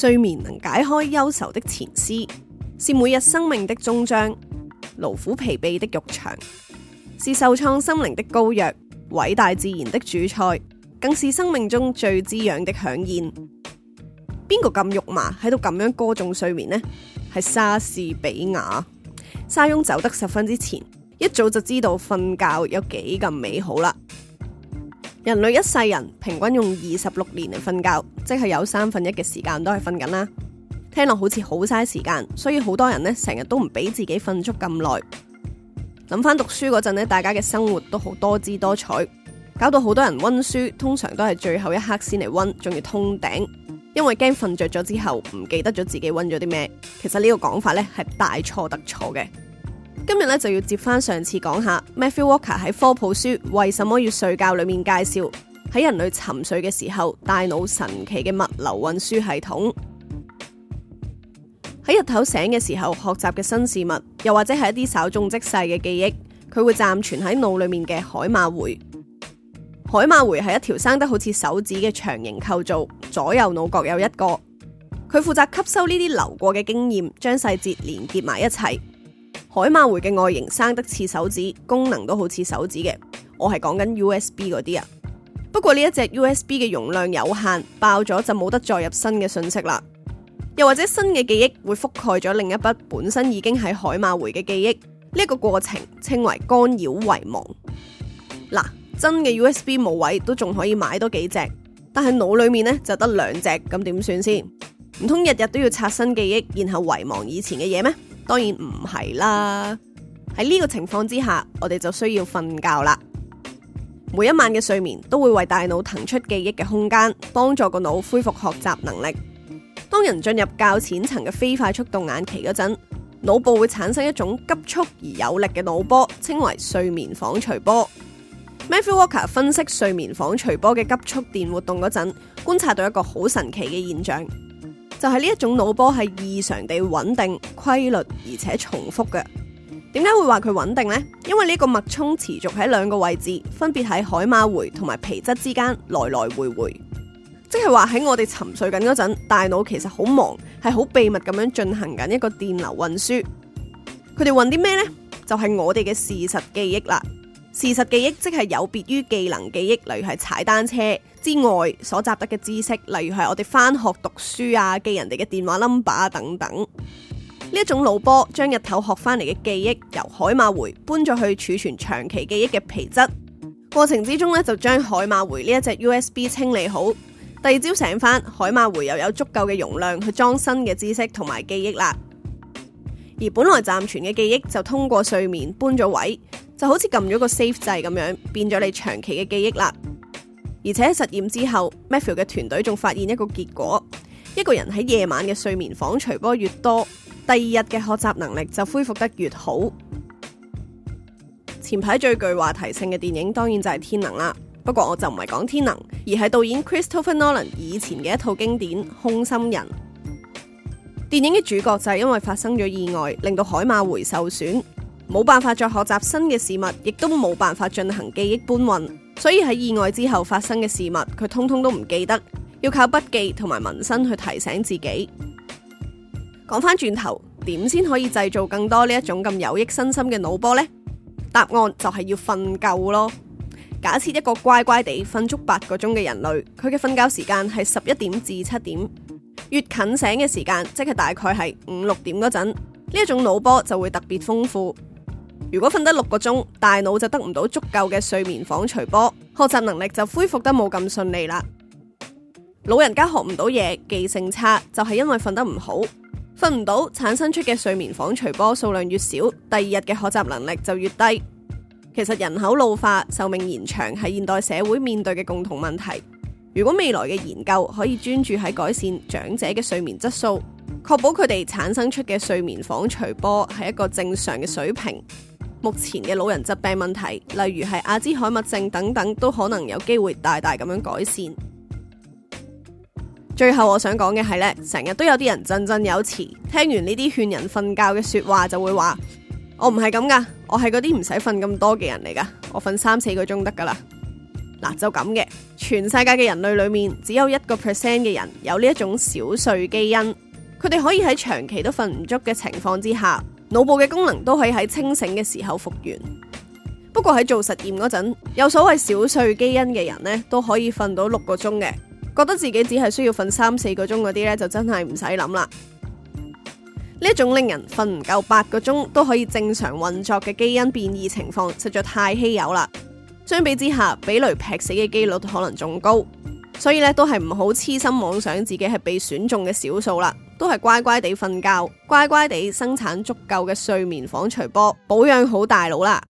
睡眠能解開憂愁的前思，是每日生命的終章，勞苦疲憊的浴場，是受創心靈的膏藥，偉大自然的主菜，更是生命中最滋養的饗宴。邊個咁肉麻喺度咁樣歌頌睡眠呢？係莎士比亞。沙翁走得十分之前，一早就知道瞓覺有幾咁美好啦。人類一世人平均用二十六年嚟瞓覺，即係有三分一嘅時間都係瞓緊啦。聽落好似好嘥時間，所以好多人咧成日都唔俾自己瞓足咁耐。諗翻讀書嗰陣咧，大家嘅生活都好多姿多彩，搞到好多人溫書，通常都係最後一刻先嚟溫，仲要通頂，因為驚瞓着咗之後唔記得咗自己溫咗啲咩。其實呢個講法咧係大錯特錯嘅。今日咧就要接翻上次講下，Matthew Walker 喺科普書《為什麼要睡覺》裏面介紹，喺人類沉睡嘅時候，大腦神奇嘅物流運輸系統。喺日頭醒嘅時候，學習嘅新事物，又或者係一啲稍縱即逝嘅記憶，佢會暫存喺腦裏面嘅海馬回。海馬回係一條生得好似手指嘅長形構造，左右腦各有一個，佢負責吸收呢啲流過嘅經驗，將細節連結埋一齊。海馬回嘅外形生得似手指，功能都好似手指嘅。我係講緊 USB 嗰啲啊。不過呢一隻 USB 嘅容量有限，爆咗就冇得再入新嘅信息啦。又或者新嘅記憶會覆蓋咗另一筆本身已經喺海馬回嘅記憶。呢一個過程稱為干擾遺忘。嗱，真嘅 USB 冇位都仲可以買多幾隻，但係腦裏面呢就得兩隻，咁點算先？唔通日日都要刷新記憶，然後遺忘以前嘅嘢咩？當然唔係啦，喺呢個情況之下，我哋就需要瞓覺啦。每一晚嘅睡眠都會為大腦騰出記憶嘅空間，幫助個腦恢復學習能力。當人進入較淺層嘅非快速動眼期嗰陣，腦部會產生一種急速而有力嘅腦波，稱為睡眠紡錘波。Matthew Walker 分析睡眠紡錘波嘅急速電活動嗰陣，觀察到一個好神奇嘅現象。就係呢一種腦波係異常地穩定、規律而且重複嘅。點解會話佢穩定呢？因為呢個脈衝持續喺兩個位置，分別喺海馬回同埋皮質之間來來回回，即係話喺我哋沉睡緊嗰陣，大腦其實好忙，係好秘密咁樣進行緊一個電流運輸。佢哋運啲咩呢？就係我哋嘅事實記憶啦。事實記憶即係有別於技能記憶，例如係踩單車，之外，所習得嘅知識，例如係我哋返學讀書啊、記人哋嘅電話 number 等等，呢一種腦波將日頭學翻嚟嘅記憶由海馬回搬咗去儲存長期記憶嘅皮質，過程之中咧就將海馬回呢一隻 USB 清理好，第二朝醒返，海馬回又有足夠嘅容量去裝新嘅知識同埋記憶啦。而本來暫存嘅記憶就通過睡眠搬咗位，就好似撳咗個 save 掣咁樣，變咗你長期嘅記憶啦。而且實驗之後，Matthew 嘅團隊仲發現一個結果：一個人喺夜晚嘅睡眠紡錘波越多，第二日嘅學習能力就恢復得越好。前排最具話題性嘅電影當然就係《天能》啦，不過我就唔係講《天能》，而係導演 Christopher Nolan 以前嘅一套經典《空心人》。電影嘅主角就係因為發生咗意外，令到海馬回受損，冇辦法再學習新嘅事物，亦都冇辦法進行記憶搬運。所以喺意外之後發生嘅事物，佢通通都唔記得，要靠筆記同埋紋身去提醒自己。講翻轉頭，點先可以製造更多呢一種咁有益身心嘅腦波呢？答案就係要瞓夠咯。假設一個乖乖地瞓足八個鐘嘅人類，佢嘅瞓覺時間係十一點至七點，越近醒嘅時間，即係大概係五六點嗰陣，呢一種腦波就會特別豐富。如果瞓得六個鐘，大腦就得唔到足夠嘅睡眠紡錘波，學習能力就恢復得冇咁順利啦。老人家學唔到嘢，記性差，就係、是、因為瞓得唔好，瞓唔到產生出嘅睡眠紡錘波數量越少，第二日嘅學習能力就越低。其實人口老化、壽命延長係現代社會面對嘅共同問題。如果未來嘅研究可以專注喺改善長者嘅睡眠質素，確保佢哋產生出嘅睡眠紡錘波係一個正常嘅水平。目前嘅老人疾病問題，例如係阿茲海默症等等，都可能有機會大大咁樣改善。最後我想講嘅係呢，成日都有啲人振振有詞，聽完呢啲勸人瞓覺嘅說話，就會話我唔係咁噶，我係嗰啲唔使瞓咁多嘅人嚟噶，我瞓三四個鐘得噶啦。嗱，就咁嘅，全世界嘅人類裏面只有一個 percent 嘅人有呢一種少睡基因，佢哋可以喺長期都瞓唔足嘅情況之下，腦部嘅功能都可以喺清醒嘅時候復原，不過喺做實驗嗰陣，有所謂小睡基因嘅人呢，都可以瞓到六個鐘嘅，覺得自己只係需要瞓三四個鐘嗰啲呢，就真係唔使諗啦。呢種令人瞓唔夠八個鐘都可以正常運作嘅基因變異情況，實在太稀有啦。相比之下，俾雷劈死嘅機率可能仲高。所以咧，都係唔好痴心妄想自己係被選中嘅少數啦，都係乖乖地瞓覺，乖乖地生產足夠嘅睡眠紡錘波，保養好大腦啦。